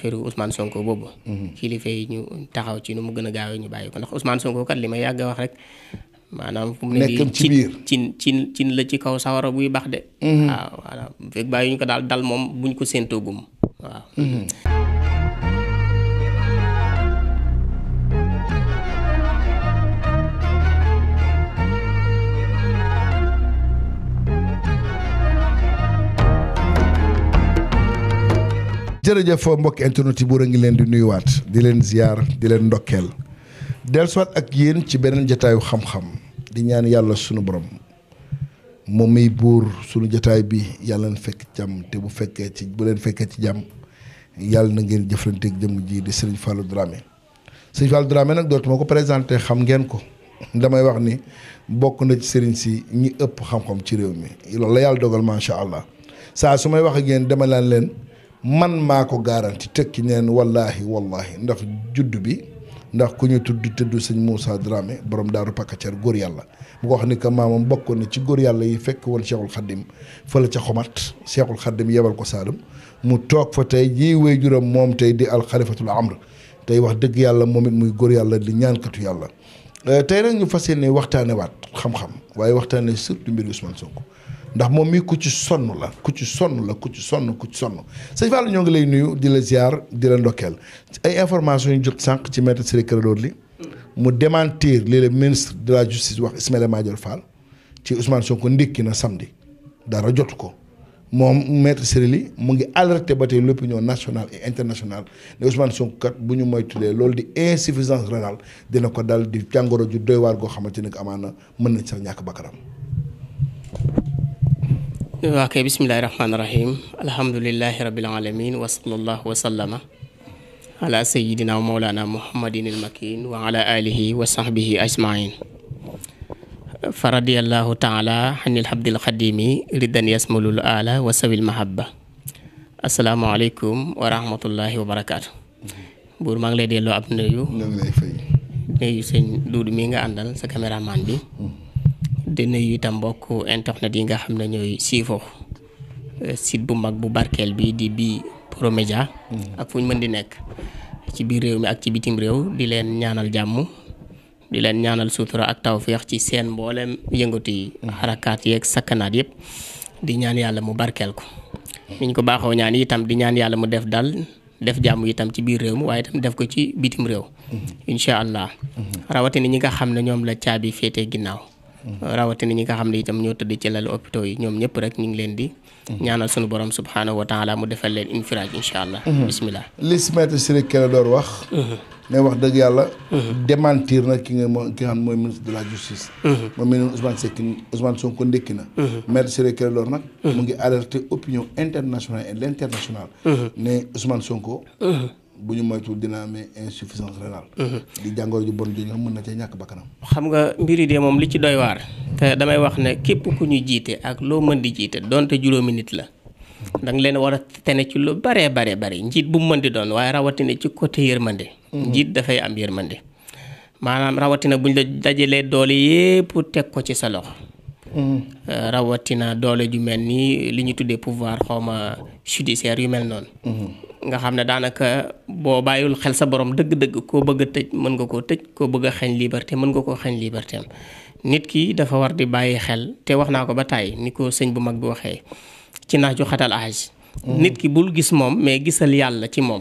affaire Ousmane Sonko boobu. Mhm. kilifa yi ñu taxaw ci nu mu gën a gaawee ñu bàyyi ko ndax Ousmane Sonko kat li may yàgg a wax rek. maanaam fu mu ne nii ci biir cin cin cin la ci kaw sawara buy bax de. Mhm. waaw waaw fekk bàyyi ñu ko daal dal moom buñ ko séentoogum waaw. Mhm. jërëjëf mbokki internet yi buur a ngi leen di nuyuwaat di leen ziyaar di leen ndokkeel dellusiwaat ak yéen ci beneen jataayu xam-xam di ñaan yàlla sunu borom moom miy buur sunu jataay bi yàlla na fekk jàmm te bu fekkee ci bu leen fekkee ci jàmm yàlla na ngeen jëflanteeg jëmm ji di Serigne Fallou Dramé Serigne Fallou Dramé nag dootuma ko présenté xam ngeen ko damay wax ni bokk na ci Serigne si ñi ëpp xam-xam ci réew mi loolu la yàlla dogal macha allah saa man maa ko garanti tekki neen wallahi wallahi ndax judd bi ndax ku ñu tudd tëdd sëñ Moussa Dramé borom daaru Pakacar góor yàlla mu ko wax ni que maamam bokkoon na ci góor yàlla yi fekk woon Cheikhul Khadim fële ca xomat Cheikhul Khadim yebal ko Saalum mu toog fa tey jii waajuram moom tey di alxalifatul amr tey wax dëgg yàlla moom it muy góor yàlla di ñaankatu yàlla euh, tey nag ñu fas yéene waxtaane waat xam-xam waaye waxtaane surtout mbiru Ousmane Sonko ndax moom mii ku ci sonn la ku ci sonn la ku ci sonn ku ci sonn sëñ ñoo ngi lay nuyu di la ziar di la ndokkeel ay information yu jot sànq ci maître Ciré Clédor li mu démentir li le ministre de la justice wax Ismaïla Madior Fall ci Ousmane Sonko ndékki na samedi dara jot ko moom maître Ciré li mu ngi alerté ba tey l'opinion nationale et internationale ne Ousmane Sonko kat bu ñu moytulee loolu di insuffisance rénale dina ko dal di jàngoro ju doy waar goo xamante ne amaana mën nañ sax ñàkk bakkanam waa kay bismillaahi rahmaani rahiim alhamdulillaahi rabbil aalamiin wa ala sayyidina wa mawlaana muhammadin il wa ala aalihi wa sahbihi ajmain fa radiyallaahu taala anil habdil xadimi riddan yasmulul ala wa sawil mahabba asalaamaaleykum wa wa barakaatu buur maa ngi lay delloo ab nuyu nuyu Duudu mi nga àndal sa caméraman di nuyu itam mbokk internet yi nga xam ne ñooy siifoo euh, site bu mag bu barkeel bi di bi promédia mm. ak fu ñu mën di nekk ci biir réew mi ak ci bitim réew di leen ñaanal jàmm di leen ñaanal suutura ak tawféex ci seen mboolem yëngatu yi xarakaat mm. yeeg sakkanaat yëpp di ñaan yàlla mu barkeel ko niñ ko baaxoo ñaan itam di ñaan yàlla mu def dal def jàmm itam ci biir réew mi waaye itam def ko ci bitim réew mm. incha allah rawatina ñi nga xam ne ñoom la caabi féete ginnaaw rawatina ñi nga xam ne itam ñoo tëdd ci lal hôpitaux yi ñoom ñëpp rek ñu ngi leen di ñaanal sunu borom subhaanahu wa taala mu defal leen infiraaj incha allah mhm. bismillah li si maître Ciré Clédor wax mhm. ne wax dëgg yàlla mhm. démentir na ki nga mooy ministre de la justice moom mi neen Ousmane Seck Ousmane Sonko ndékki na maître Ciré Clédor nag mu ngi alerter opinion internationale et ne Ousmane Sonko bu ñu moytuwul dina amee insuffisance rénale. Mhm. di jàngoro ju bon ju mën na cee ñàkk bakkanam. xam nga mbiri de moom li ci doy waar. te damay wax ne képp ku ñu jiite ak loo mën di jiite donte juróomi nit la. da nga leen war a tene ci lu baree baree bari njiit bu mu mën di doon waaye rawatina ci côté yërmande. Mhm. njiit dafay am yërmande. maanaam rawatina bu buñ la dajalee doole yépp teg ko ci sa loxo. Mhm. Euh, rawatina doole ju mel ni li ñu tuddee pouvoir xawma judiciaire yu mel noonu. nga xam ne daanaka boo bàyyul xel sa borom dëgg-dëgg koo bëgg tëj mën nga koo tëj koo bëgg a xañ liberté mën nga koo xañ liberté am nit ki dafa war di bàyyi xel te wax naa ko ba tàyyi ni ko sëñ bu mag waxee ci nax ju xatal mm. nit ki bul gis moom mais gisal yàlla ci moom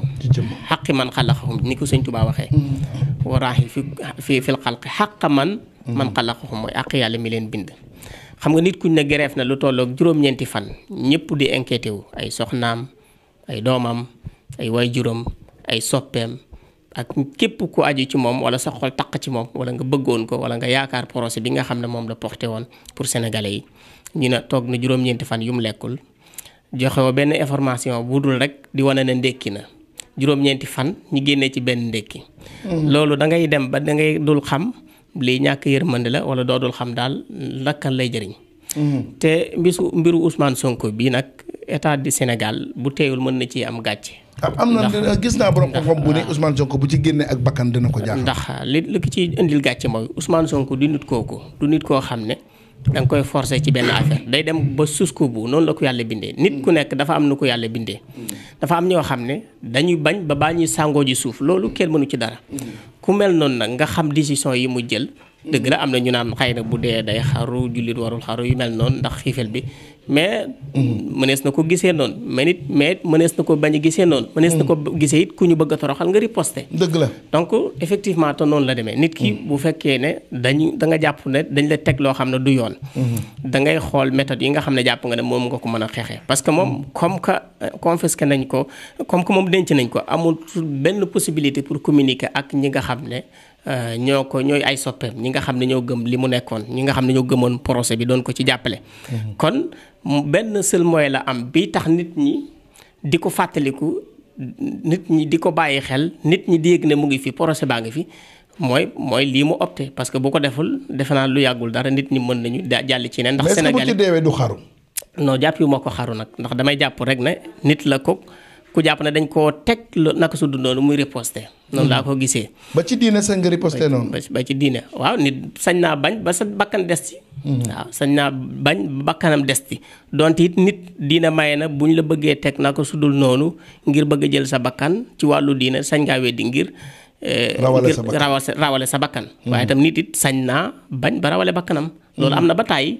xaqi man xalaxahum ni ko sëñ Tuubaa waxee mm. waraaxi fi fi fil xalqi xaqa man mm. man xalaxahum mooy àq yàlla mi leen bind xam nga nit kuñ ne grève na lu tolloog juróom-ñeenti fan ñëpp di inquiété wu ay soxnaam ay doomam ay juróom ay soppeem ak képp ku aju ci moom wala sa xol taq ci moom wala nga bëggoon ko wala nga yaakaar projet bi nga xam ne moom la porté woon pour sénégalais yi ñu ne toog na juróom fan yu mu lekkul joxewoo benn information bu dul rek di wane ne ndékki na juróom-ñeenti fan ñu génnee ci benn ndékki mm. loolu dangay dem ba da ngay dul xam lii ñàkk yërmande la wala doo xam daal lakkal lay jëriñ mm. te mbisu mbiru Ousmane sonk bii nag état di Sénégal bu teeyul mën na ci am gàcce am na gis naa borom xam-xam bu ne Ousmane Sonko bu ci génnee ak bakkan dina ko jaaxal. ndax li li ki ciy indil gàcce mooy Ousmane Sonko du nit kooku du nit koo xam ne danga koy forcer ci benn affaire day dem ba susku bu noonu la ko yàlla bindee nit ku nekk dafa am nu ko yàlla bindee. dafa am ñoo xam ne dañuy bañ ba baa ñuy sàngoo ji suuf loolu kenn mënu ci dara. ku mel noonu nag nga xam décision yi mu jël. dëgg la am na ñu naan xëy na bu dee day xaru jullit warul xaru yu mel noonu ndax xiifel bi mais mënees na ko gisee noonu mais mais mënees na ko bañ a gisee noonu mënees na ko gisee it ku ñu bëgg a toroxal nga riposté dëgg la donc effectivement te noonu la demee nit ki bu fekkee ne dañu da nga jàpp ne dañ la teg loo xam ne du yoon mhm. da ngay xool méthode yi nga xam ne jàpp nga ne moom nga ko mën a xeexee parce que moom comme que euh, confisqué nañ ko comme que moom denc nañ ko amul benn possibilité pour communiquer ak ñi nga xam ne Euh, ñoo ko ñooy ay soppeem ñi nga xam ne ñoo gëm li mu nekkoon ñi nga xam ne ñoo gëmoon procès bi doon ko ci jàppale. Mhm. kon benn seul la am bi tax nit ñi di ko fàttaliku nit ñi di ko bàyyi xel nit ñi di yëg ne mu ngi fi porose baa ngi fi. mooy mooy lii mu opté parce que bu ko deful defe naa lu yàggul dara nit ñi mën nañu jàll ci ne ndax Sénégal mais est-ce deewee du xaru. noo jàpp ko xaru nag ndax damay jàpp rek ne nit la ko. ku jàpp ne dañ koo teg lu naka su dul noonu muy riposté. noonu laa ko gisee. ba ci diine sax nga riposté noonu. ba ci diine waaw nit sañ naa bañ ba sa bakkan des ci. Mhm. sañ naa bañ bakkanam des ci donte it nit diine maye na bu ñu la bëggee teg naka su dul noonu ngir bëgg jël sa bakkan ci wàllu diine sañ ngaa weddi ngir. Eh, rawale sa bakkan ngir sa bakkan. waaye itam nit it sañ naa bañ ba rawale bakkanam. loolu mhm. am na ba tàyyi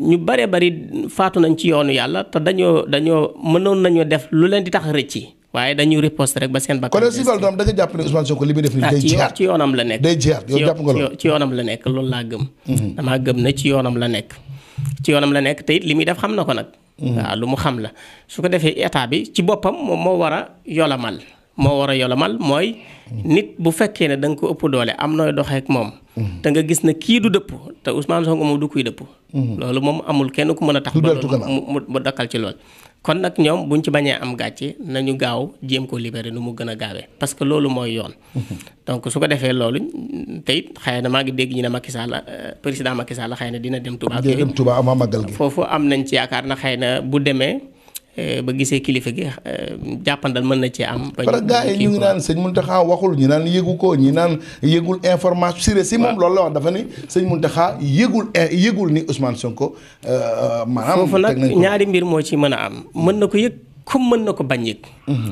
ñu bare bari faatu nañ ci yoonu yàlla te dañoo dañoo mënoon nañoo def lu leen di tax rëcci waaye dañuy riposte rek ba seen ba kon si loolu da nga jàpp ne Ousmane Sonko li muy def nii ah, day jiyaat ci yoonam la nekk loolu la nekk laa gëm. Mhm. damaa gëm ne ci yoonam la nekk. ci yoonam la nekk te li muy def xam na ko nag. Mhm. waaw lu mu xam la su ko defee état bi ci boppam moom moo war a yolamal. moo war a yolomal mooy nit bu fekkee ne da nga ko ëpp doole am nooy doxeek moom. Mm-hmm. te nga gis ne kii du dëpp te Ousmane Sonko moom du kuy dëpp. Mm-hmm. loolu moom amul kenn ku mën a tax. ba mu dakkal ci loolu. kon nag ñoom bu ñu ci bañee am gàcce ñu gaaw jéem ko libéré nu mu gën a gaawee parce que loolu mooy yoon. Mm-hmm. donc su ko defee loolu tey it xëy na maa ngi dégg ñu ne Macky Sall euh, président Macky Sall xëy na dina dem. Touba dem Touba am màggal gi foofu am nañ ci yaakaar na xëy na bu demee. Eh, ba gisee kilifa gi eh, jàppandal mën na cee am. ba ñu gaa yi ñu ngi naan sëñ Mountakha waxul ñi naan yëgu ko ñi naan yëgul information. Siré si moom ah. loolu la wax dafa ni sëñ Mountakha yëgul eh, yëgul ni Ousmane Sonko. maanaam fa nag ñaari mbir moo ci mën a am mën na ko yëg comme mën na ko bañ yëg. Mhm.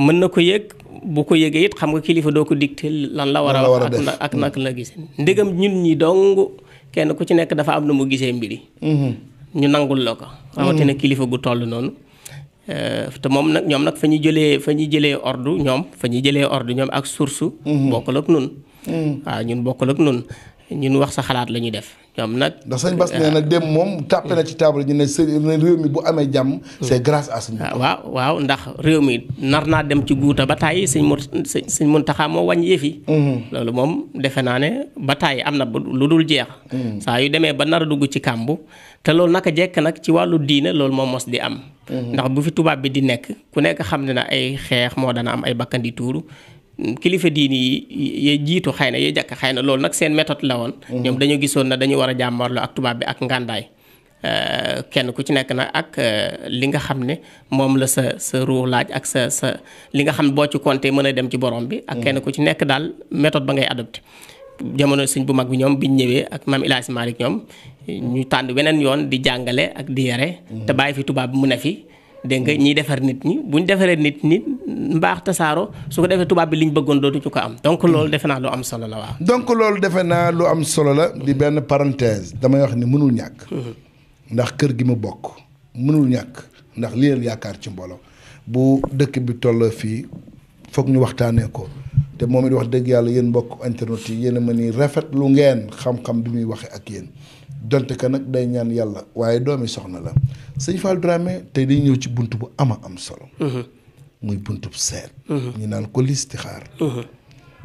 mën na ko yëg bu ko yëgee it xam nga kilifa doo ko dicté lan la war a wax ak mhm. nak la gisee ndegam ñun ñi dong kenn ku ci nekk dafa am na mu gisee mbiri mhm. ñu nangul la ko rawatina kilifa gu toll noonu Euh, te moom nag ñoom nag fa ñuy jëlee fa ñuy jëlee ordre ñoom fa ñuy jëlee ordre ñoom ak source mhm. bokkul ak nun mhm. waaw ñun bokkul ak nun ñun wax sa xalaat la ñuy def ñoom nag. ndax sëñ Bass nee na dem moom tàppe na ci table ñu ne réew mi bu amee jàmm. c'est grâce à suñu. Ah, waaw ndax réew mi nar naa dem ci guuta ba tàyyi sëñ Mor sëñ Muntaxa moo wàññi yëf mhm. loolu moom defe naa ne ba tàyyi am na lu dul jeex. Mhm. saa yu demee ba nar a dugg ci kàmbu te loolu naka jekk nag ci wàllu diina loolu moom mos di am. Mhm. ndax bu fi tubaab bi di nekk ku nekk xam ne na ay xeex moo dana am ay bakkan tuuru. kilifa diini yi yee jiitu xëy na yee jàkk xëy na loolu nag seen méthode la woon. Mhm. ñoom dañoo gisoon na dañu war a jàmmarloo ak tubaab bi ak ngàndaay euh, kenn ku ci nekk na ak euh, li nga xam ne moom la sa sa ruux laaj ak sa sa li nga xam boo ci compté mën a dem ci borom bi. ak mhm. kenn ku ci nekk daal méthode ba ngay adopté. jamono sëñ bu mag bi ñoom biñ ñëwee ak maam El Hadj Malick ñoom ñu tànn weneen yoon di jàngale ak di yare mhm. te bàyyi fi tubaab bi mu ne fi. dégg nga ñiy defar nit ñi bu ñu defaree nit nit mbaax tasaaro su ko defee tubaab bi liñ bëggoon dootu ci ko am donc loolu defe naa lu am solo la waaw. donc loolu defe naa lu am solo la di benn parenthèse damay wax ni mënul ñàkk. Mhm. ndax kër gi mu bokk mënul ñàkk ndax li leen yaakaar ci mbooloo bu dëkk bi toll fii foog ñu waxtaanee ko te moom di wax dëgg yàlla yéen mbokk internet yi yéen a mën ni rafet lu ngeen xam-xam bi muy waxee ak yéen. donte que nag day ñaan yàlla waaye doomi soxna la sëñ Fall Dramé tey day ñëw ci bunt bu ama am solo mhm. muy buntub seet mhm. ñu naan ko listixaar mhm.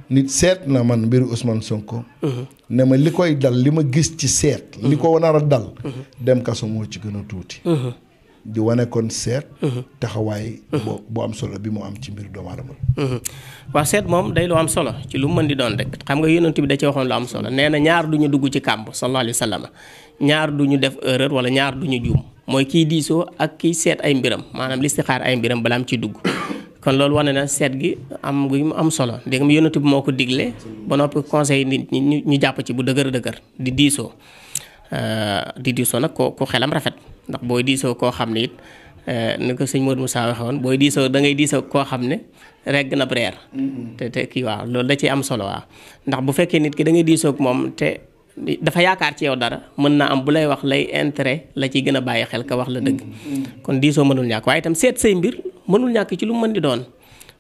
nit seet na man mbiru Ousmane Sonko ne ma li koy dal li ma gis ci seet li ko nar a dal dem kaso moo ci gën a tuuti di wane kon seet. Mhm. taxawaay. boo mhm. bu am solo bi mu am ci mbir doomu aadama. Mhm. waaw seet moom day lu am solo ci lu mu mën di doon rek xam nga yonent bi da ci waxoon lu am solo nee na ñaar du ñu dugg ci kàmb sallallahu alayhi wa ñaar du ñu def erreur wala ñaar duñu ñu juum mooy kiy diisoo ak kiy seet ay mbiram maanaam listixaar ay mbiram balaa mu ciy dugg. kon loolu wane na seet gi am gi mu am solo dégg nga yonent bi moo ko digle ba noppi conseil nit ñi ñu jàpp ci bu dëgër dëgër di diisoo di diisoo nag ko ko rafet. ndax booy diisoo koo xam ne it eh, ni ko sëñ Modou Moussa waxee booy diisoo da ngay diisoo koo xam ne regg na reer. Mm-hmm. te te kii waaw loolu da ciy am solo waaw ndax bu fekkee nit ki da ngay diisoo moom te dafa yaakaar ci yow dara mën naa am bu lay wax lay intérêt la ciy gën a bàyyi xel ka wax la dëgg. Mm-hmm. kon diisoo mënul ñàkk waaye itam seet say mbir mënul ñàkk ci lu mu mën di doon.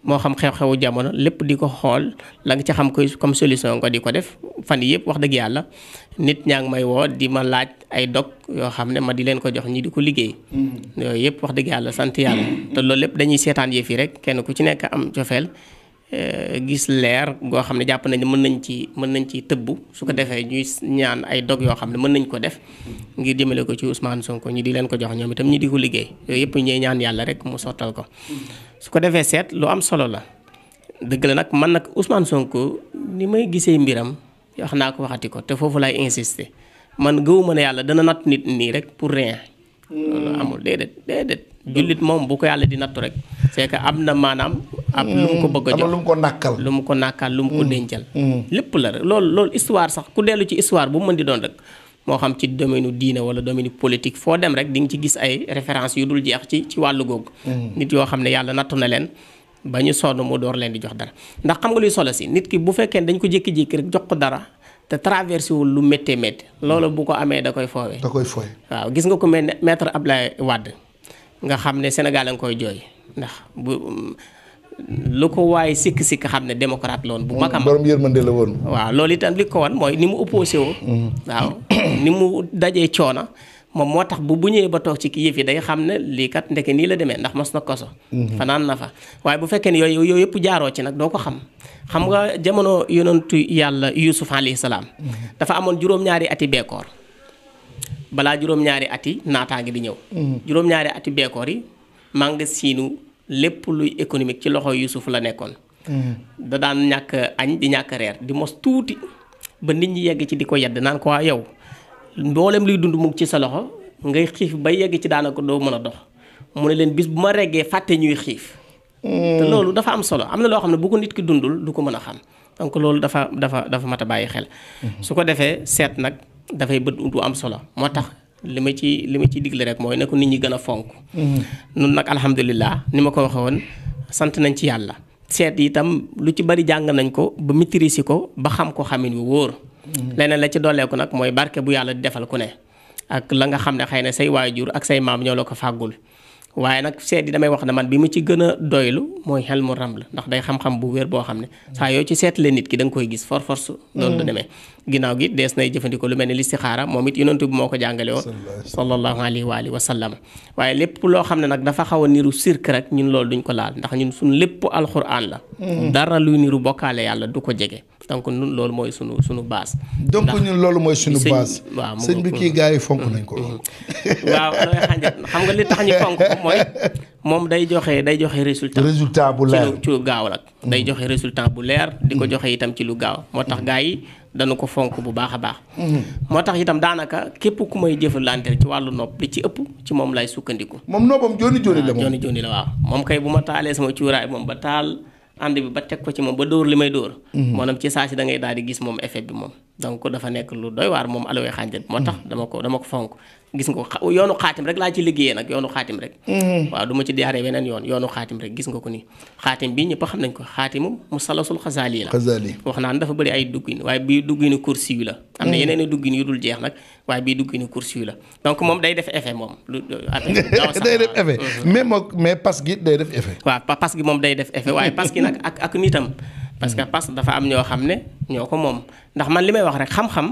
moo xam xew-xewu jamono lépp di ko xool la nga ci xam koy comme solution ko di ko def fan yëpp wax dëgg yàlla nit ñaa ngi may woo di ma laaj ay dog yoo xam ne ma di leen ko jox ñi di ko liggéey. Mm-hmm. yooyu yëpp wax dëgg yàlla sant yàlla. Mm-hmm. te loolu lépp dañuy seetaan yëf yi rek kenn ku ci nekk am cofeel eh, gis leer goo xam ne jàpp nañ ne mën nañ ci mën nañ ci tëbb su ko defee ñuy ñaan ay dog yoo xam ne mën nañ ko def ngir jëmale ko ci Ousmane Sonko ñi di leen ko jox ñoom itam ñi di ko liggéey yooyu yëpp ñuy ñaan yàlla rek mu sottal ko. Mm-hmm. su ko defee seet lu am solo la dëgg la nag man nag Ousmane Sonko ni may gisee mbiram wax naa ko waxati ko te foofu laay insister man gëwuma ne yàlla dana natt nit nii rek pour rien. loolu hmm. amul déedéet déedéet. jullit moom bu ko yàlla di nattu rek. c'est am na maanaam. am lu mu ko bëgg a hmm. jox lu mu ko nàkkal. lu mu ko nàkkal lu mu ko hmm. dencal. lépp la loolu loolu histoire sax ku dellu ci histoire bu mu mën di doon rek. moo xam ci domaine diine wala domaine politique foo dem rek di ci gis ay référence yu dul jeex ci ci wàllu googu. Mm. nit yoo xam ne yàlla nattu na leen ba ñu sonn mu door leen di jox dara ndax xam nga luy solo si nit ki bu fekkee dañ ko jékki-jékki rek jox ko dara. te traversé wul lu méttee métti loolu bu ko amee da koy foowee. da koy foowee waaw gis nga ko mel ne maître Ablaye Wade nga xam ne Sénégal a nga koy jooy ndax lu ko waaye sikk-sikk xam ne démocrate la woon bu mag a yërmande la woon. waaw loolu itam li ko wan mooy ni mu opposé woo. Mm-hmm. waaw ni mu dajee coona moom moo tax bu bu ñëwee ba toog ci ki yëf yi day xam ne lii kat ndeke nii la demee ndax mos na koso. Mm-hmm. fanaan na fa waaye bu fekkee ne yooyu yooyu yëpp jaaroo ci nag doo ko xam. xam nga jamono yonentu yàlla Yuusuf alayhi salaam. Mm-hmm. dafa amoon juróom-ñaari ati beekoor. balaa juróom-ñaari ati ngi di ñëw. juróom yi lépp luy économique ci loxo Yuusuf la nekkoon mm-hmm. da daan ñàkk añ di ñàkk reer di mos tuuti ba nit ñi yegg ci di ko yedd naan ko waa yow mboolem luy dund mu ci sa loxo ngay xiif ba yegg ci daanaka doo mën a dox mu ne leen bis bu ma reggee fàttee ñuy xiif mm-hmm. te loolu dafa am solo am na loo xam ne bu ko nit ki dundul du ko mën a xam donc loolu dafa dafa dafa mat a bàyyi xel mm-hmm. su ko defee seet nag dafay bët du am solo moo tax li ma ci li ma ciy digle rek mooy ne ko nit ñi gën a fonk. nun nag alhamdulillah ni ma ko waxee woon sant nañ ci yàlla. seet itam lu ci bari jàng nañ ko ba maîtriser ko ba xam ko xamin wu wóor. leneen la ci dolleeku nag mooy barke bu yàlla di defal ku ne. ak la nga xam ne xëy na say waajur ak say maam ñoo la ko fàggul. waaye nag seet yi damay wax ne man bi mu ci gën a doylu mooy xel mu ram la ndax day xam-xam bu wér boo xam ne saa yoo ci seetlee nit ki da nga koy gis for force loolu mm. demee ginnaaw gi dees nay jëfandikoo lu mel ne listixaara moom it yonent wa alihi loo xam ne nag dafa xaw a niru sirk rek ñun loolu duñ ko laal ndax ñun suñu lépp alxuraan la mm. dara luy niru bokkaale yàlla du ko jege donc ñun loolu mooy sunu suñu baas donc ñun loolu mooy suñu base waaw mu bi kii gars yi fonk mm. nañ ko waaw mooy moom day joxe day joxe résultat. résultat bu leer ci lu gaaw nag. day joxe résultat bu leer. di ko mm-hmm. joxe itam ci lu gaaw moo tax mm-hmm. gaa yi danu ko fonk bu baax a baax. Mm-hmm. moo tax itam daanaka képp ku may jëflanteel ci wàllu nopp li ci ëpp ci moom lay sukkandiku. moom noppam jooni jooni la ah, moom jooni jooni la waaw. moom kay bu ma taalee sama cuuraay moom ba taal ànd bi ba teg ko ci moom ba dóor li may dóor. maanaam ci saa si da ngay daal di gis moom effet bi moom. donc dafa nekk lu doy waar moom alooy xànjan moo tax mm. dama ko dama ko fonk gis nga ko yoonu xaatim rek laa ci liggéeyee nag mm-hmm. yoonu xaatim rek gis nga ko nii xaatim bii ñëpp xam nañ ko xaatimu musalasul xasaali la wax naan dafa bëri ay duggin waaye bii dugginu kursi la am na mm. yeneen duggin yu dul jeex nag waaye bii dugginu kursi la donc moom day def effet moom lu day mm-hmm. day def effet waaw pas moom day def effet waaye pas nag ak ak nitam parce que hmm. parce que dafa am ñoo xam ne ñoo ko moom ndax man li may wax rek xam-xam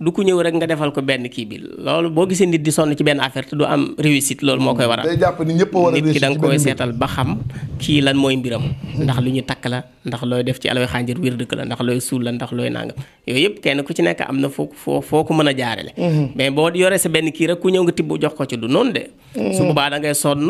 du ku ñëw rek nga defal ko benn kii bi loolu boo gisee nit di sonn ci benn affaire te du am réussite loolu moo koy waral. Hmm. a war a nit ki da seetal ba xam kii lan mooy mbiram. Hmm. ndax lu ñu takk la ndax looy def ci aloy xànjir wir dëkk la ndax looy suul la ndax looy nangam yooyu yëpp kenn ku ci nekk am na foo foo foo ko mën a jaarale. mais boo yoree sa benn kii rek ku ñëw nga tibb jox ko ci du noonu de. su boobaa da ngay sonn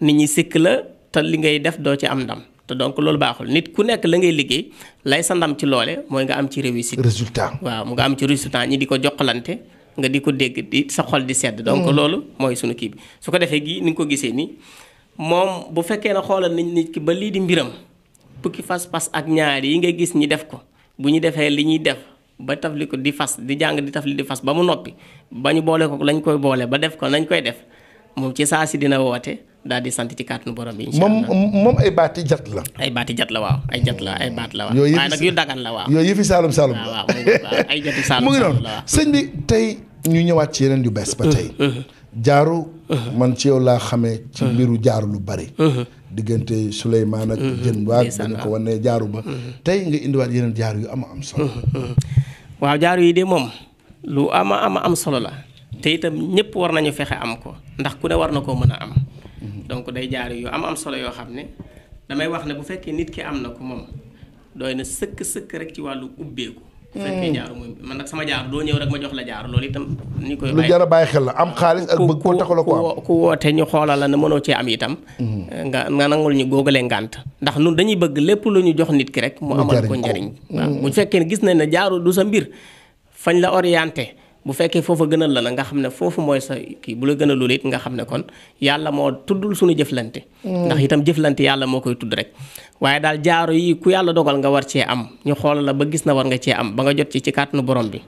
nit ñi sikk la te li ngay def doo ci am ndam te donc loolu baaxul nit ku nekk la ngay liggéey lay sa ndam ci loole mooy nga am ci réussite. résultat waaw mu nga am ci résultat ñi di ko joxalante nga di ko dégg di sa xol di sedd. donc mm. loolu mooy sunu kii bi. su ko defee gii ni nga ko gisee nii moom bu fekkee ne xoolal nañ nit ki ba lii di mbiram pukki fas fas ak ñaar yi nga gis ñi def ko bu ñu defee li ñuy def. ba taf li ko di fas di jàng di taf li di fas ba mu noppi ba ñu boole ko lañ koy boole ba def ko nañ koy def moom ci saa si dina woote daal di sant ci kàttanu borom bi. moom moom ay baati jat la. ay baati jat la waaw ay jat la ay baat la waaw. yooyu yëfi waaye nag yu dagan la waaw. yooyu yëfi Saalum Saalum ay jati Saalum. mu ngi noonu sëñ bi tey ñu ñëwaat ci yeneen yu bees ba tey. Uh-huh, uh-huh. jaaru. Uh-huh. man ci yow laa xame ci mbiru jaaru lu bari. diggante Souleymane ak. jën waag dañu ko wane jaaru ba. tey nga yeneen jaaru yu ama am solo. waaw yi de moom lu ama ama am solo la te itam ñëpp war nañu fexe am ko ndax ku ne war na koo mën a am donc day jaar yu am am solo yoo xam ne damay wax ne bu fekkee nit ki am na ko moom dooy na sëkk sëkk rek ci wàllu ubbeeku. bu fekkee hmm. jaaru mooy man nag sama jaar doo ñëw rek ma jox la jaar loolu itam. ni koy lu bàyyi xel la am xaalis ak bëgg koo taxala ko am ku ñu xoolal la ne mënoo cee am itam. Hmm. nga nga nangul ñu góogale ngànt ndax nun dañuy bëgg lépp lu ñu jox nit ki rek. mu amal ko njëriñ hmm. waaw bu fekkee gis nañ ne jaaru du sa mbir fañ la orienté. bu fekkee foofa gënal la la nga xam ne foofu mooy sa kii bu la gënalul it nga xam ne kon yàlla moo tuddul suñu jëflante mm. ndax itam jëflante yàlla moo koy tudd rek waaye daal jaaro yi ku yàlla dogal nga war cee am ñu xoolal la ba gis na war nga cee am ba nga jot ci ci kàttanu borom bi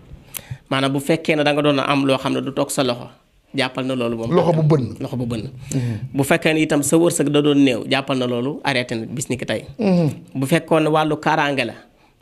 maanaam bu fekkee ne da doon am loo xam ne du toog sa loxo jàppal na loolu moom loxo bu bënn loxo bu bënn mm-hmm. bu fekkee ne itam sa wërsëg da doon néew jàppal na loolu arrêté na bis ni ki tey mm-hmm. bu fekkoon wàllu kaaraange la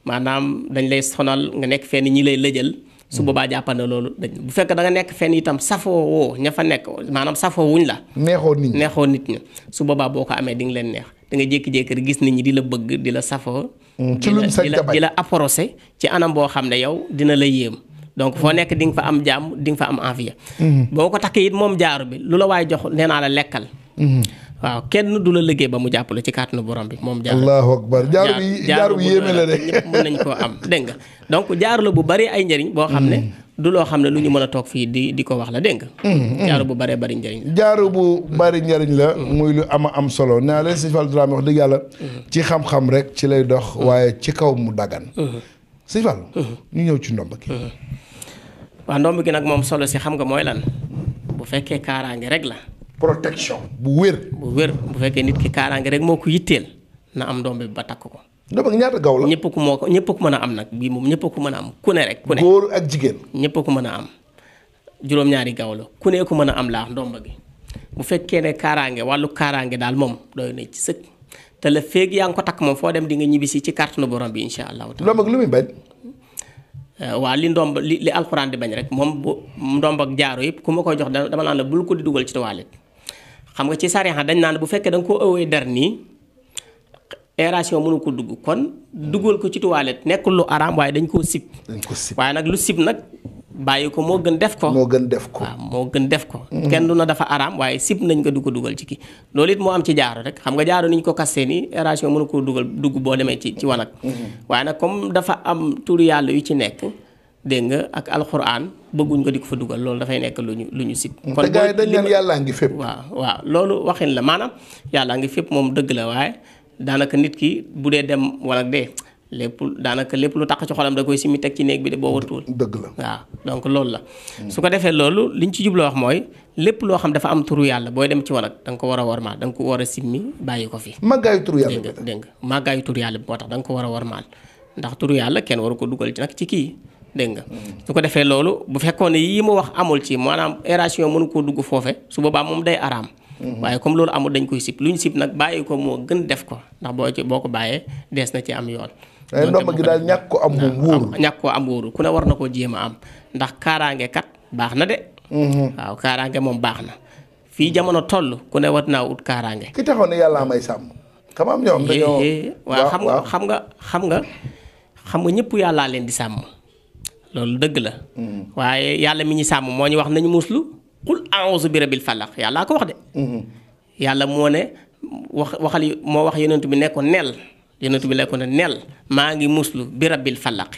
maanaam dañ lay sonal nga nekk fenn ñi lay lëjal su boobaa jàppal na loolu dañ bu fekk da nga nekk fenn itam safoo woo ña fa nekk maanaam safoo wuñ la. neexoo nit ñi neexoo nit su boobaa boo ko amee di nga leen neex danga nga jékki-jékki gis nit ñi di la bëgg di la safoo. Mm, ci luñ sañ la di la approché ci anam boo xam ne yow dina la yéem. donc foo nekk di nga fa am jàmm di nga fa am envie. Mm-hmm. boo ko takkee it moom jaaru bi lu la waay jox nee naa la lekkal. Mm-hmm. waaw kenn du la liggéey ba mu jàppale ci kàttanu borom bi moom jaar allahu akbar jaar bi jaar la de ñëpp mën nañ koo am dégg nga donc jaar la bu bari ay boo xam ne mm. du loo xam ne lu ñu mën a toog fii di di ko wax la dégg nga mm, mm. bu bëree bëri njëriñ la bu bëri njëriñ la muy lu ama am solo naa leen sëñ dëgg yàlla ci xam-xam rek ci lay dox waaye ci kaw mu dagan sëñ ñu ñëw ci ndomb gi waaw ndomb gi nag moom solo si xam nga mooy lan bu fekkee kaaraange rek la protection bu wér. bu wér bu fekkee nit ki kaaraange rek moo ko yitteel na am doom bi ba takk ko. doom ak ñaata gaw la ñëpp ku moo ko ñëpp ku mën a am nag moom ñëpp ku mën a am ku rek. ku ne góor ak jigéen. ñëpp ku mën a am juróom-ñaari gaw la ku ne ku mën a am laax ndomba gi bu fekkee ne kaaraange wàllu kaaraange daal moom doy na ci sëkk te la feeg yaa ngi ko takk moom foo dem di nga ñibbisi ci kàttanu borom bi incha allahu taala. doom ak lu muy bañ. Eh, waaw li ndomb li li alxuraan di bañ rek moom bu ndomb ak jaaro yëpp ku ma koy jox dama naan la bul ko di dugal ci toilette xam nga ci sariya dañ naan bu fekkee da nga koo ëwee der nii aération mënu ko dugg kon dugal ko ci toilette nekkul lu araam waaye dañ koo sib. dañ waaye nag lu sib nag bàyyi ko moo gën def ko. moo gën def ko moo gën def ko. Mm-hmm. kenn du na dafa araam waaye sib nañ nga du ko dugal ci kii loolu it moo am ci jaaro rek xam nga jaaro ni ñu ko kastee nii aération mënu koo dugal dugg boo demee ci ci wanag. Mm-hmm. waaye nag comme dafa am turu yàlla yu ci nekk. dégg nga ak alxuraan bëgguñ ko di ko fa dugal loolu dafay nekk lu ñu lu ñu sib kon gars yi dañ naan yàllaa ngi fépp waaw waaw loolu waxin la maanaam yàllaa ngi fépp moom dëgg la waaye danaka nit ki bu dee dem wala dee lépp daanaka lépp lu taq ci xolam da koy simi teg ci néeg bi de boo watuwul dëgg la waaw donc loolu la hmm. su ko defee loolu ñu ci jubla wax mooy lépp loo xam dafa am turu yàlla booy dem ci wanag da nga ko war a warmaal da nga ko war a simmi bàyyi ko fi màggaayu turu yàlla dégg nga màggaayu turu yàlla bi tax da nga ko war a warmaal ndax turu yàlla kenn waru ko dugal ci nag ci kii dégg nga su ko defee loolu bu fekkoon ne yii mu wax amul ci maanaam aération mënu koo dugg foofe su boobaa moom day araam mhm. waaye comme loolu amul dañ koy sib lu ñu sib nag bàyyi ko moo gën def ko ndax boo ci boo ko bàyyee dees na ci am yoon eh, ndomba gi daal ñàkk ko am am wóoru ku ne war na koo jéem a am ndax kaaraange kat baax na de mhm. waaw kaaraange moom baax na fii jamono toll ku ne wat naa ut kaaraange ki taxaw ne yàlla may sàmm xam am ñoom dañoo waaw xam nga xam nga xam nga xam nga ñëpp yàllaa leen di sàmm loolu dëgg la. waaye yàlla mi ñu sàmm moo ñu wax nañu muslu qul a'uuzu bi rabbil falaq yàllaa ko wax de. yàlla moo ne wax waxal moo wax yonent bi nekkoon nel yonent bi nekkoon nel maa ngi muslu bi rabbil falaq.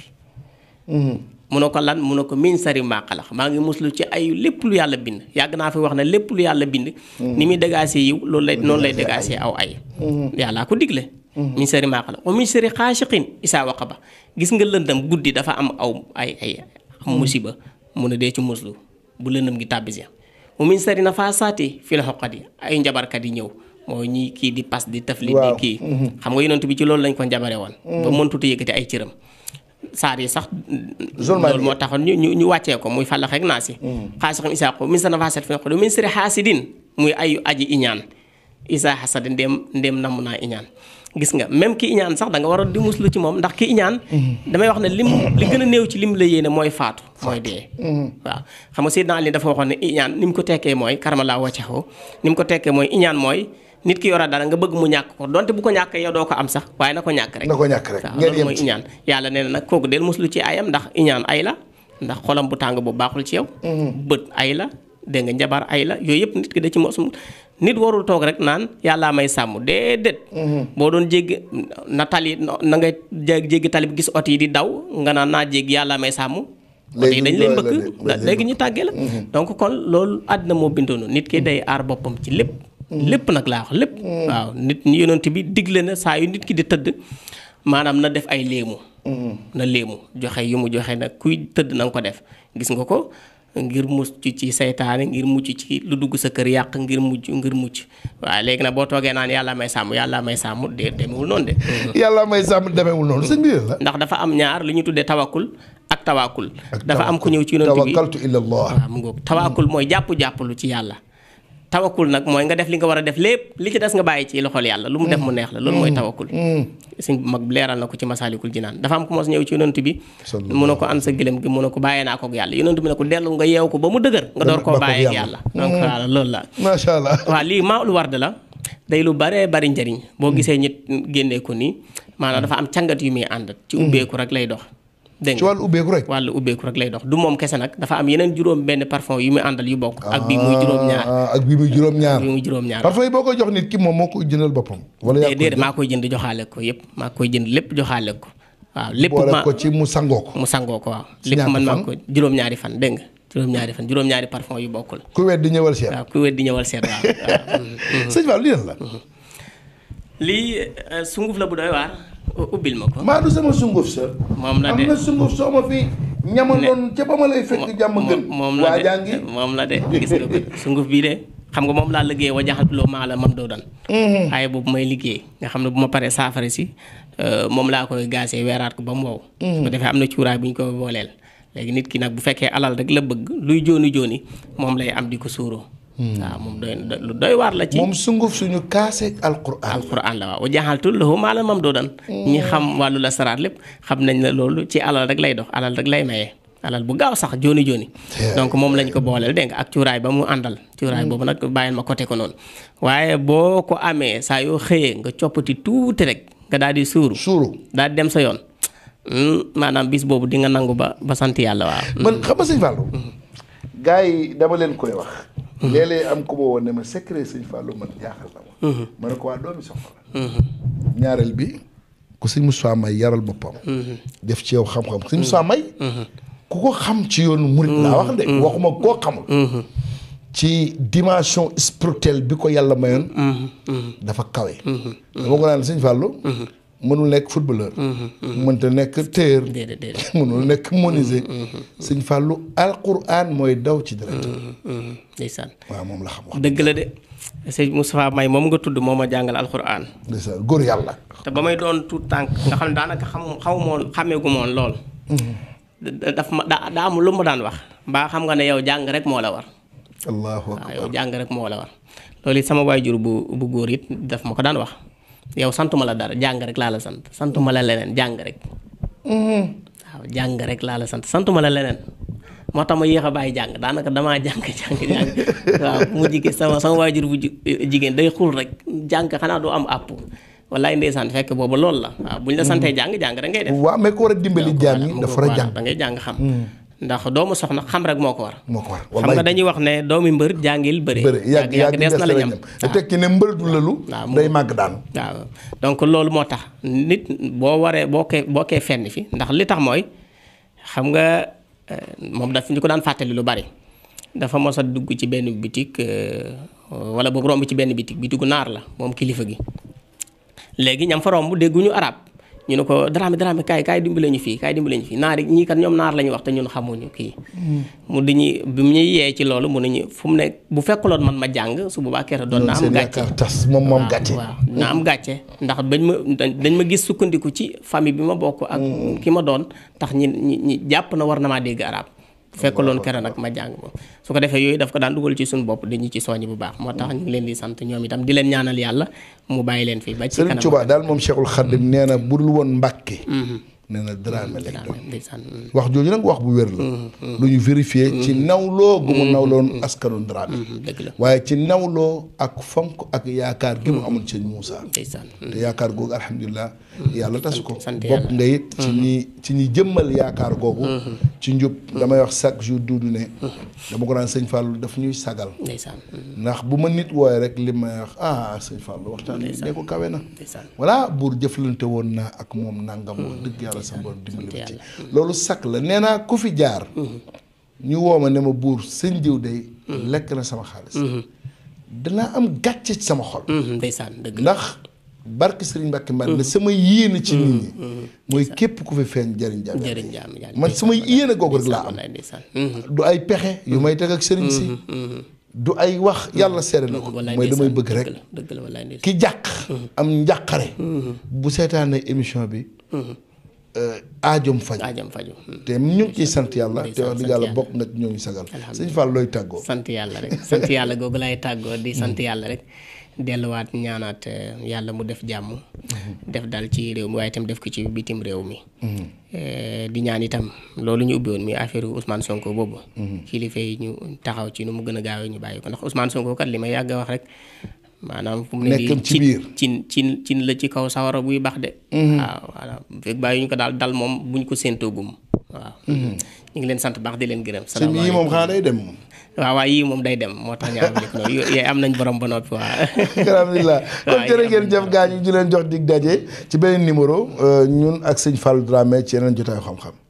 mu ne ko lan mu ne ko min sari maa maa ngi muslu ci ay lépp lu yàlla bind yàgg naa fi wax na lépp lu yàlla bind ni muy dégaase yiw loolu lay noonu lay dégaase aw ay yàllaa ko digle min sari maa xalax wa min sari xaasiqin isaa waqaba gis nga lëndam guddi dafa am aw ay ay musiba mu ne dee ci muslu bu lëndam gi tàbbisi wa min sari nafaasaati fil xoqat yi ay njabarkat yi ñëw mooy ñi kii di pas di taflit di kii mhm. xam nga yonent bi ci loolu lañ ko njabare woon ba mhm. mëntute ay cëram saar yi sax loolu moo taxoon ñu wàccee ko muy fàllax rek naa si mm. xaasi xam isaa ko min sa nafaset fi naqo min siri xaasidin muy ayu aji iñaan nga même ki iñaan sax da nga war a ci moom ndax ki iñaan mm-hmm. damay wax ne lim li gën a néew ci lim la yéene mooy faatu mooy dee mm-hmm. waaw xam nga Seydina Ali dafa waxoon ne iñaan ni mu ko tekkee mooy karama laa waccaxu ni mu ko tekkee mooy iñaan mooy nit ki yore dara nga bëgg mu ñàkk ko donte bu ko ñàkk yow doo ko am sax waaye na ko ñàkk rek. na ko ñàkk rek ngeen yem mooy iñaan yàlla nee na nag kooku del ci ayam ndax iñaan ay la ndax xolam bu tàng bu baaxul ci yaw mm-hmm. bët ay la dégg nga njabar ay la yooyu yëpp nit ki da ci mosum nit warul toog rek naan yàllaa may sàmm déedéet. Mm-hmm. boo doon jéggi na tali na nga jéggi tali bi gis ot yi di daw nga naan naa jéggi yàllaa may sàmm. léegi dañ leen bëgg léegi ñu tàggee la mm-hmm. donc kon loolu àddina moo bindoonu nit ki day aar boppam ci lépp Mm. lépp nag laa wax lépp. Mm. waaw nit ñi yonent bi digle na saa yu nit ki di tëdd maanaam na def ay léemu. Mm. na léemu joxe yu mu joxe nag kuy tëdd na ko def gis nga ko. ngir mucc ci seytaane ngir mucc ci lu dugg sa kër yàq ngir mucc ngir mucc waa léegi nag boo toogee naan yàlla may sàmm yàlla may sàmm de demewul noonu de. yàlla may sàmm demewul noonu sëñ bi ndax dafa am ñaar lu ñu tuddee tawakul ak tawakul. dafa am ku ñëw ci yonent bi tawakul mooy jàpp jàppalu ci yàlla. tawakul nag mooy nga def li nga war a def lépp li ci des nga bàyyi ci loxol yàlla lu mu def mu neex la loolu mooy mm-hmm. tawakul mm-hmm. sëñ mag leeral na ko ci masaalikul jinaan dafa am ku mos ñëw ci yonent bi mu ne ko an sa gëlëm gi mu ko bàyyee naa ko ak yàlla yonent bi ne ko dellu nga yeew ko ba mu dëgër nga door koo bàyyee ak yàlla donc mm-hmm. voilà loolu la la lu bare bari njëriñ boo gisee nit génnee ko nii maanaam dafa am càngat yu muy àndat ci ubbeeku rek lay dox dégg nga ci wàllu ubbeeku rek wàllu ubbeeku rek lay dox du moom kese nag dafa am yeneen juróom benn parfum yu muy àndal yu bokk ak bii muy ah, juróom-ñaar bii muy juróom-ñaar bii muy juróom-ñaar parfum yi boo koy jox nit ki moom moo koy jëndal boppam wala yaa déedéet maa koy jënd joxaale ko yëpp maa koy jënd lépp joxaale ko waaw lépp ma ko mu sangoo ko mu sangoo ko waaw lépp man ko juróom-ñaari fan dégg nga juróom-ñaari fan juróom-ñaari parfum yu bokkul ku wet di ñëwal seet waaw ku wet di ñëwal seet waaw mm-hmm. sëñ Fall lii la mm-hmm. lii euh, sunguf la bu doy waar ubbil ma ko. maa du sama sunguf sa. moom la de na sunguf soo ma fi. ñamaloon ca ba ma moom la de moom la de sunguf bii de. xam nga moom laa liggéey wa jaxaltuloo maa la mam doo dan waaye mm-hmm. boobu may liggéey nga xam ne bu ma paree saafara si euh, moom laa koy gaasee weeraat ko ba mu wow mm-hmm. su ko defee am na cuuraay bu ñu ko léegi nit ki nag bu fekkee alal rek la bëgg luy jooni jooni moom lay am di ko suuroo Hmm. waaw moom doy lu doy waar la ci. moom sunguf suñu kaaseeg alquran. alquran la waaw wa jaxaltu lahu maalan mamduudan ñi xam hmm. wàllu la saraar lépp xam nañ la loolu ci alal rek lay dox alal rek lay maye. alal bu gaaw sax jooni jooni donc moom lañ ko booleel de nga ak cuuraay ba mu àndal cuuraay hmm. boobu nag bàyyil ma côté ko noonu waaye boo ko amee saa yoo xëyee nga coppati tuuti rek nga daal di suuru suuru daal di dem sa yoon maanaam bis boobu di nga nangu ba ba sant yàlla waaw man xam nga sëñ Fallou gars Mm-hmm. léeg-léeg am ku ma woon ne ma secret sëñ Fallou man jaaxal na ma. Mm-hmm. ma ne ko waa doomi soxla mm-hmm. ñaareel bi ku mu Moussa May yaral boppam. def ci yow xam-xam sëñ Moussa May. ku ko xam ci yoon murit laa wax de. waxuma koo xamul. ci dimension spirituelle bi ko yàlla mayoon. dafa kawe. dama ko naan sëñ Fallou. mënul nekk footballeur. Mm-hmm, mm-hmm. mënta nekk téer. mënul nekk menuisier. Mm-hmm, sëñ Fàllu alquran mooy daw ci deret. ndeysaan waaw moom la xam wax dëgg la de sëñ Moustapha May moom nga tudd moom ma jàngal alquran. ndeysaan góor yàlla. te ba may doon tuut tànk nga xam ne daanaka xam xaw ma woon xamee gu ma lool. daf ma daa daa am lu ma daan wax. mbaa xam nga ne yow jàng rek moo la war. allahu akbar yow jàng rek moo la war. loolu it sama jur bu bu góor it daf ma ko daan wax. yow santuma la dara jàng rek laa la sant santuma la leneen jàng rek. Mm-hmm. waaw jàng rek laa la sant santuma la leneen. moo tax ma yéex a bàyyi jàng daanaka damaa jàng jàng jàng waaw mu jigéen sama sama waajur bu jigéen day xul rek jàng xanaa du am àpp wallaay ndeysaan fekk boobu loolu la waaw bu ñu la santee jàng jàng rek ngay def. waaw mais ko war a dimbali jaam yi dafa war a jàng da ngay jàng xam. Mm. ndax doomu soxna xam rek moo ko war. moo ko war xam nga dañuy wax ne doomi mbër jàngil bari bëri yàgg yàgg des na la ñam te tekki ne mbër du lalu. Ah, waaw day màgg daanu. waaw donc loolu moo tax nit boo waree boo koy boo koy fenn fi ndax li tax mooy xam nga euh, moom daf ñu ko daan fàttali lu bari dafa mos a dugg ci benn bitik euh, wala boog romb ci benn bitik bi dugg naar la moom kilifa gi léegi ñam fa romb dégguñu arab ñu ne ko Dramé Dramé kaay kaay dimbale ñu fii kaay dimbale ñu fii naar ñii kat ñoom naar la ñuy wax te ñun xamuñu kii. Hmm. mu di ñu bi mu ñuy yee ci loolu mu ne ñu fu mu ne bu fekkuloon man ma jàng su boobaa keroog doon. naa am gàcce tas moom moom gàcce. waaw naa am gàcce ndax dañ ma dañ ma gis sukkandiku ci famille bi ma bokk. ak hmm. ki ma doon tax ñi ñi jàpp na war na maa dégg arab fekkaloon kera nag ma jàng moom su ko defee yooyu daf ko daan dugal ci suñu bopp dañu ci soññ bu baax moo tax ñu leen di sant ñoom itam di leen ñaanal yàlla mu bàyyi leen fi ba ci kanam Sëriñ Tuubaa daal moom Cheikhul Khadim mm-hmm. nee na budul woon Mbàkke mm-hmm. nee na Dramé lay doon wax jooju nag wax bu wér la mm-hmm. lu ñu vérifié ci nawloo gu mu nawloon askanu Dramé dëgg la waaye ci nawloo ak fonk ak yaakaar gi mu amoon Sëriñ Moussa te yaakaar googu alhamdulilah yàlla tas ko bokk nga it ci ñi ci ñi jëmmal yaakaar googu mm-hmm. ci njub damay wax chaque jour duudu ne mm-hmm. dama ko naan sëñ Fallou daf ñuy sagal mm-hmm. ndax bu ma nit wooye rek li may wax ah sëñ Fallou waxtaan bi ne ko kawe na voilà buur jëflante woon naa ak moom nangam wax dëgg yàlla sa borom dimbali ci loolu sakk la nee naa ku fi jaar ñu wooma ne ma buur sëñ jiw day lekk na sama xaalis danaa am gàcce sama xol ndeysaan ndax barke Serigne Mbacke man ne mm. sama yéene ci nit mm. ñi. Mm. mooy képp ku fi feeñ jëriñ jàmm. jëriñ jàmm man sama yéene googu rek laa am. du ay pexe yu may teg ak Serigne si. Mm-hmm, mm-hmm. du ay wax mm-hmm. yàlla seere na ko. mooy damay bëgg rek ki jàq. am njàqare. bu seetaanee émission bi. Euh, aajom faj aajom faj te ñu ngi sant yàlla te wax dëgg yàlla bokk nga ñooñu sagal. alhamdulilah sëñ looy tàggoo. sant yàlla yàlla googu laay di sant yàlla rek. delluwaat ñaanaat eh, yàlla mu def jàmm def daal ci réew mi waaye itam def ko ci bitim réew mi mm-hmm. eh, di ñaan itam loolu ñu ubbi woon mi affaire usmaan Sonko boobu mm-hmm. kilifa yi ñu taxaw ci nu mu gën a gaawee ñu bàyyi ko ndax Ousmane Sonko kat li ma yàgg a wax rek maanaam fu mu ci nii ci cin cin la ci kaw sawara buy baax de mm-hmm. waaw voilà fekk bàyyi ñu ko daal dal moom buñ ko séentoogum waaw ñu ngi leen sant baax di leen gërëm salaamaaleykum moom day dem moom waaw waaye yii moom day dem moo tax ñu am nañ borom ba noppi waaw. alhamdulilah kon jërë ngeen jëf gaa ñu di leen jox dig daje ci beneen numéro euh, ñun ak sëñ Fallou Dramé ci yeneen jotaay xam-xam.